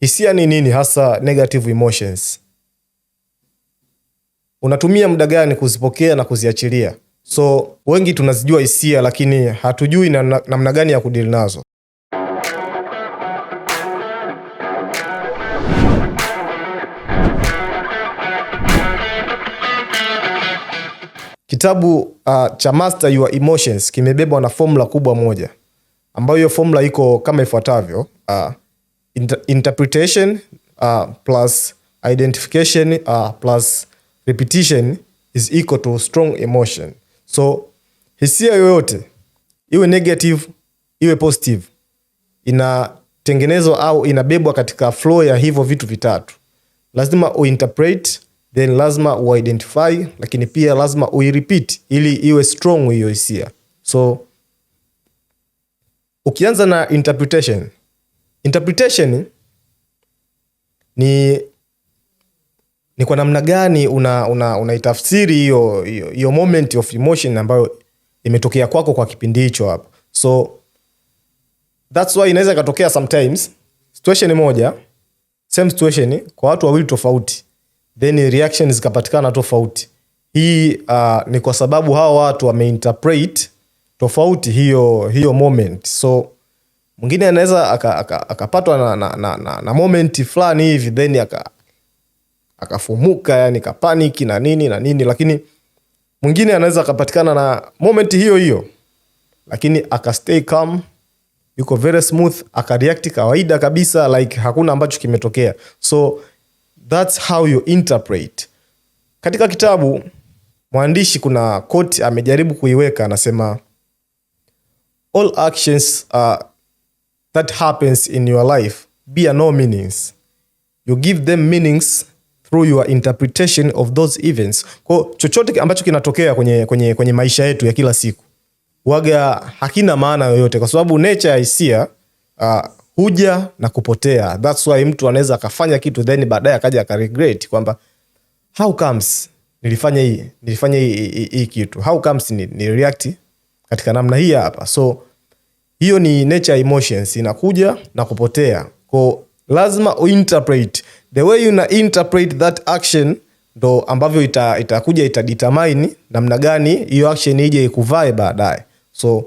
Hisia ni nini hasa negative emotions? Unatumia muda gani kuzipokea na kuziachilia? So wengi tunazijua hisia, lakini hatujui na, namna gani ya kudili nazo. Kitabu uh, cha Master Your Emotions kimebebwa na formula kubwa moja, ambayo hiyo formula iko kama ifuatavyo uh, inter interpretation uh, plus identification uh, plus repetition is equal to strong emotion. So hisia yoyote iwe negative iwe positive inatengenezwa au inabebwa katika flow ya hivyo vitu vitatu, lazima uinterpret, then lazima uidentify, lakini pia lazima uirepeat ili iwe strong hiyo hisia. So ukianza na interpretation Interpretation ni, ni kwa namna gani unaitafsiri una, una hiyo moment of emotion ambayo imetokea kwako kwa kipindi hicho hapo. So that's why inaweza ikatokea sometimes situation moja same situation kwa watu wawili tofauti, then reaction zikapatikana tofauti. Hii uh, ni kwa sababu hawa watu wameinterpret tofauti hiyo, hiyo moment so mwingine anaweza akapatwa aka, aka na, na, na, na momenti fulani hivi then akafumuka aka yani kapaniki na nini na nini, lakini mwingine anaweza akapatikana na momenti hiyo hiyo, lakini akastay calm, yuko very smooth, akareact kawaida kabisa like hakuna ambacho kimetokea. So that's how you interpret. Katika kitabu mwandishi kuna quote amejaribu kuiweka, anasema all actions are that happens in your life bear no meanings. You give them meanings through your interpretation of those events. Kwa chochote ambacho kinatokea kwenye, kwenye, kwenye maisha yetu ya kila siku waga hakina maana yoyote, kwa sababu nature ya hisia uh, huja na kupotea. That's why mtu anaweza akafanya kitu then baadaye akaja akaregret kwamba how comes nilifanya hii nilifanya hii kitu, how comes ni, ni react katika namna hii hapa so hiyo ni nature emotions inakuja na kupotea ko lazima uinterpret the way una interpret that action ndo ambavyo itakuja ita, itadetermine namna gani hiyo action ije ikuvae baadaye so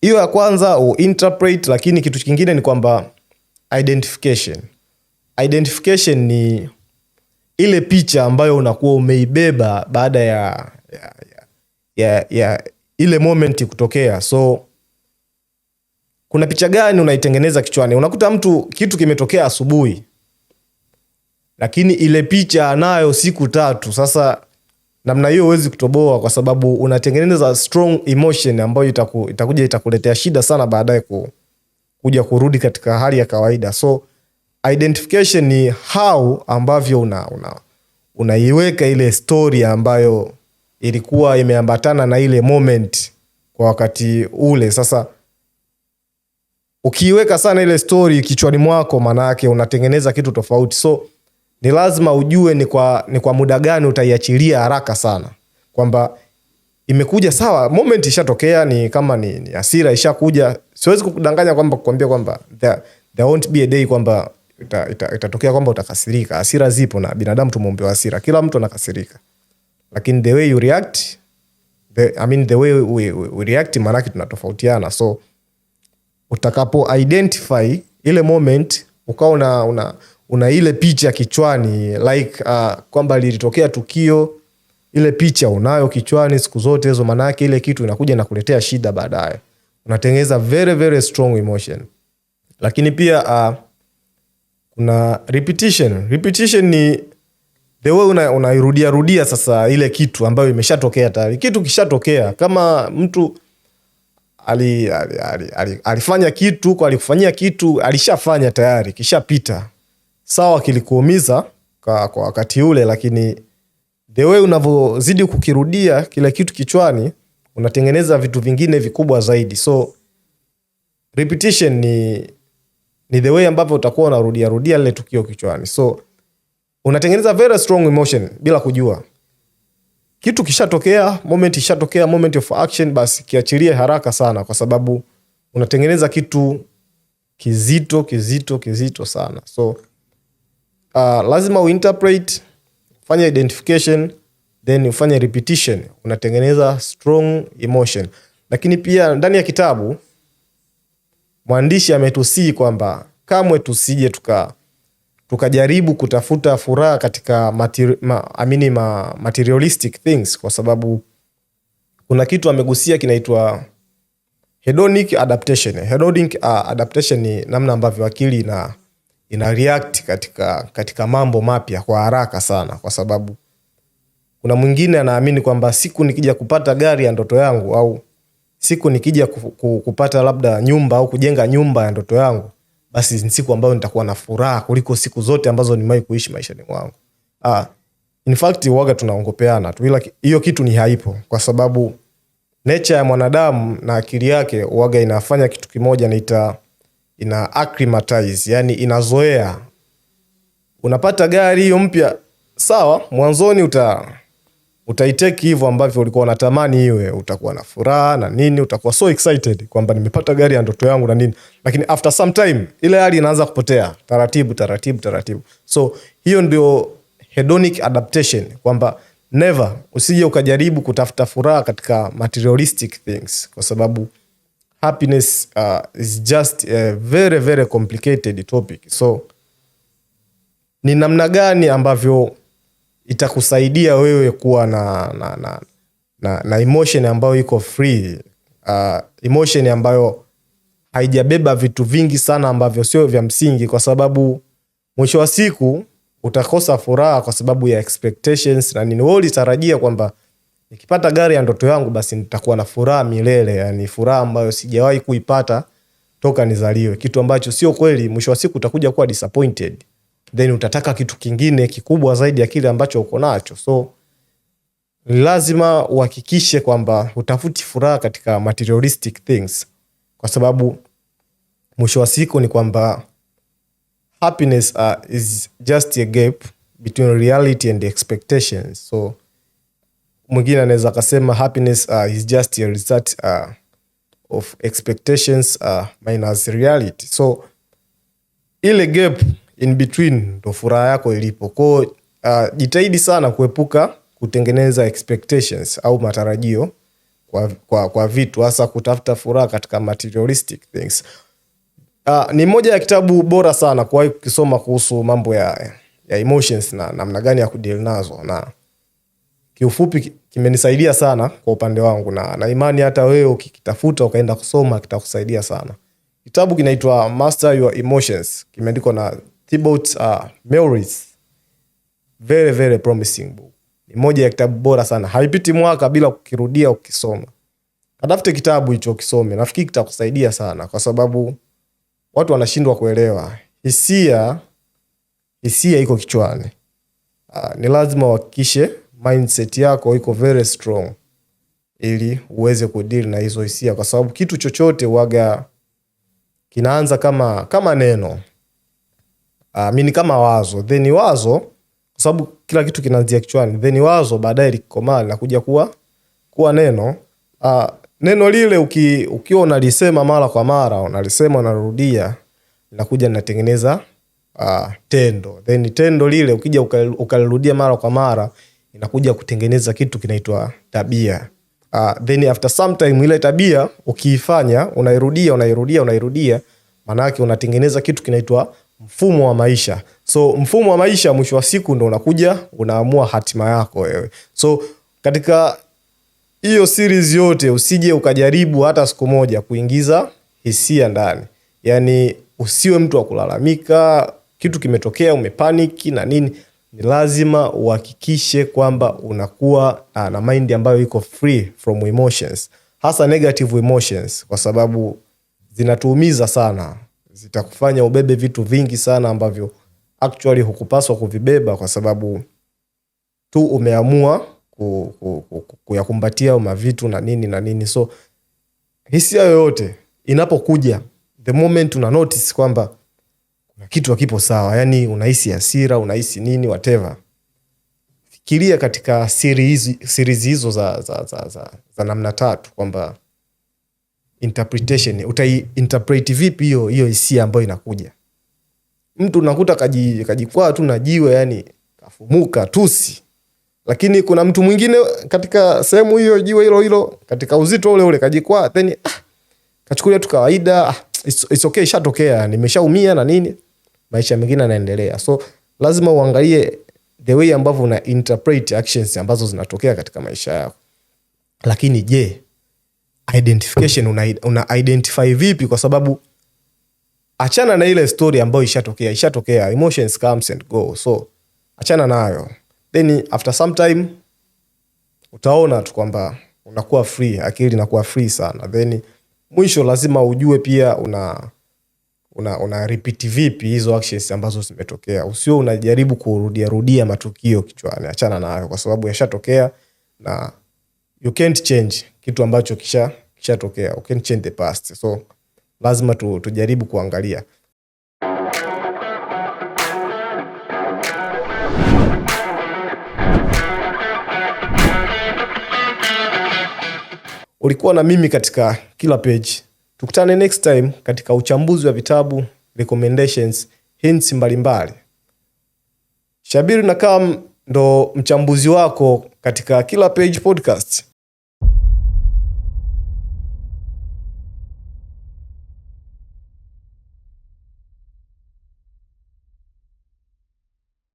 hiyo ya kwanza uinterpret lakini kitu kingine ni kwamba identification identification ni ile picha ambayo unakuwa umeibeba baada ya, ya, ya, ya, ya ile moment kutokea so kuna picha gani unaitengeneza kichwani? Unakuta mtu kitu kimetokea asubuhi, lakini ile picha anayo siku tatu. Sasa namna hiyo huwezi kutoboa, kwa sababu unatengeneza strong emotion ambayo itaku, itakuja itakuletea shida sana baadaye ku, kuja kurudi katika hali ya kawaida. So identification ni how ambavyo una, una, unaiweka ile story ambayo ilikuwa imeambatana na ile moment kwa wakati ule sasa ukiiweka sana ile stori kichwani mwako, maana yake unatengeneza kitu tofauti. So ni lazima ujue ni kwa, ni kwa muda gani utaiachilia haraka sana, kwamba imekuja sawa, moment ishatokea, ni kama ni, ni hasira ishakuja. Siwezi kukudanganya kwamba kukwambia kwamba there, there won't be a day kwamba itatokea ita, ita kwamba utakasirika. Hasira zipo na binadamu tumeombewa hasira, kila mtu anakasirika, lakini the way you react the, I mean the way we, we, we react, maanake tunatofautiana so utakapo identify ile moment ukawa una, una, una ile picha kichwani like uh, kwamba lilitokea tukio, ile picha unayo kichwani siku zote hizo, manake ile kitu inakuja na kuletea shida baadaye, unatengeneza very very strong emotion. Lakini pia uh, kuna repetition. Repetition ni the way una, unairudia rudia sasa ile kitu ambayo imeshatokea tayari. Kitu kishatokea kama mtu ali, ali, ali, ali, alifanya kitu kwa alikufanyia kitu alishafanya tayari kishapita. Sawa, kilikuumiza kwa, kwa wakati ule, lakini the way unavyozidi kukirudia kila kitu kichwani, unatengeneza vitu vingine vikubwa zaidi. So repetition ni, ni the way ambavyo utakuwa unarudiarudia lile tukio kichwani, so unatengeneza very strong emotion bila kujua kitu kishatokea, moment ishatokea, moment of action, basi kiachilie haraka sana, kwa sababu unatengeneza kitu kizito kizito kizito sana. So uh, lazima uinterpret, fanya identification then ufanye repetition, unatengeneza strong emotion. Lakini pia ndani ya kitabu mwandishi ametusii kwamba kamwe tusije tukaa tukajaribu kutafuta furaha katika materi, ma, amini ma, materialistic things, kwa sababu kuna kitu amegusia kinaitwa hedonic adaptation. Hedonic uh, adaptation ni namna ambavyo akili ina, ina react katika, katika mambo mapya kwa haraka sana, kwa sababu kuna mwingine anaamini kwamba siku nikija kupata gari ya ndoto yangu au siku nikija kupata labda nyumba au kujenga nyumba ya ndoto yangu basi ni siku ambayo nitakuwa na furaha kuliko siku zote ambazo nimewahi kuishi maishani mwangu. Ah, in fact waga tunaongopeana tu, ila hiyo kitu ni haipo, kwa sababu nature ya mwanadamu na akili yake waga inafanya kitu kimoja naita ina acclimatize, yani inazoea. Unapata gari hiyo mpya, sawa, mwanzoni uta utaiteki hivyo ambavyo ulikuwa unatamani iwe, utakuwa na furaha na nini, utakuwa so excited kwamba nimepata gari ya ndoto yangu na nini, lakini after some time ile hali inaanza kupotea taratibu taratibu taratibu. So hiyo ndio hedonic adaptation, kwamba never usije ukajaribu kutafuta furaha katika materialistic things, kwa sababu happiness uh, is just a very very complicated topic. So ni namna gani ambavyo itakusaidia wewe kuwa na, na, na, na, na emotion ambayo iko free uh, emotion ambayo haijabeba vitu vingi sana ambavyo sio vya msingi, kwa sababu mwisho wa siku utakosa furaha kwa sababu ya expectations na nini. Wewe ulitarajia kwamba nikipata gari ya ndoto yangu basi nitakuwa na furaha milele, yani furaha ambayo sijawahi kuipata toka nizaliwe, kitu ambacho sio kweli. Mwisho wa siku utakuja kuwa disappointed then utataka kitu kingine kikubwa zaidi ya kile ambacho uko nacho. So lazima uhakikishe kwamba utafuti furaha katika materialistic things, kwa sababu mwisho wa siku ni kwamba happiness uh, is just a gap between reality and expectations. So mwingine anaweza akasema happiness uh, is just a result uh, of expectations uh, minus reality. So ile gap in between ndo furaha yako ilipo. Kwa uh, jitahidi sana kuepuka kutengeneza expectations au matarajio kwa, kwa, kwa vitu hasa kutafuta furaha katika materialistic things. Uh, ni moja ya kitabu bora sana kuwahi kukisoma kuhusu mambo ya, ya emotions na namna gani ya kudeal nazo, na kiufupi kimenisaidia sana kwa upande wangu, na na imani hata wewe ukikitafuta ukaenda kusoma kitakusaidia sana. Kitabu kinaitwa Master Your Emotions, kimeandikwa na Thibaut uh, ah, Melris, very very promising book. Ni moja ya kitabu bora sana, haipiti mwaka bila kukirudia ukisoma. Katafute kitabu hicho ukisome, nafikiri kitakusaidia sana, kwa sababu watu wanashindwa kuelewa hisia. Hisia iko kichwani. Uh, ni lazima uhakikishe mindset yako iko very strong ili uweze kudeal na hizo hisia, kwa sababu kitu chochote waga kinaanza kama kama neno uh, mi ni kama wazo then wazo kwa sababu kila kitu kinaanzia kichwani then wazo baadaye likikomaa linakuja kuwa kuwa neno uh, neno lile uki, ukiwa unalisema mara kwa mara unalisema unarudia linakuja linatengeneza uh, tendo then tendo lile ukija ukalirudia mara kwa mara inakuja kutengeneza kitu kinaitwa tabia uh, then after sometime ile tabia ukiifanya unairudia unairudia unairudia maanaake unatengeneza kitu kinaitwa mfumo wa maisha. So mfumo wa maisha mwisho wa siku ndo unakuja unaamua hatima yako wewe. So katika hiyo series yote usije ukajaribu hata siku moja kuingiza hisia ndani, yaani usiwe mtu wa kulalamika, kitu kimetokea umepaniki na nini. Ni lazima uhakikishe kwamba unakuwa na, na mind ambayo iko free from emotions, hasa negative emotions, kwa sababu zinatuumiza sana zitakufanya ubebe vitu vingi sana ambavyo actually hukupaswa kuvibeba kwa sababu tu umeamua kuyakumbatia mavitu na nini na nini. So hisia yoyote inapokuja, the moment una notice kwamba kuna kitu hakipo sawa, yani unahisi hasira, unahisi nini, whatever, fikiria katika siri hizo za, za, za, za, za namna tatu kwamba interpretation, utaiinterpret vipi hiyo hiyo hisia ambayo inakuja. Mtu unakuta kaji, kajikwaa tu na jiwe yani kafumuka tusi, lakini kuna mtu mwingine katika sehemu hiyo jiwe hilo hilo katika uzito ule ule kajikwaa, then ah, kachukulia tu kawaida ah, it's, it's okay, ishatokea, nimeshaumia na nini, maisha mengine yanaendelea. So lazima uangalie the way ambavyo una interpret actions ambazo zinatokea katika maisha yako, lakini je yeah identification una, una identify vipi kwa sababu achana na ile story ambayo ishatokea ishatokea emotions comes and go so achana nayo then after some time utaona tu kwamba unakuwa free akili inakuwa free sana then mwisho lazima ujue pia una una, una repeat vipi hizo actions ambazo zimetokea usio unajaribu kurudia rudia matukio kichwani achana nayo kwa sababu yashatokea na you can't change kitu ambacho kisha kishatokea. We can change the past. So lazima tu, tujaribu kuangalia Ulikuwa na mimi katika kila page. Tukutane next time katika uchambuzi wa vitabu, recommendations, hints mbalimbali. Shabiri Kam ndo mchambuzi wako katika kila page podcast.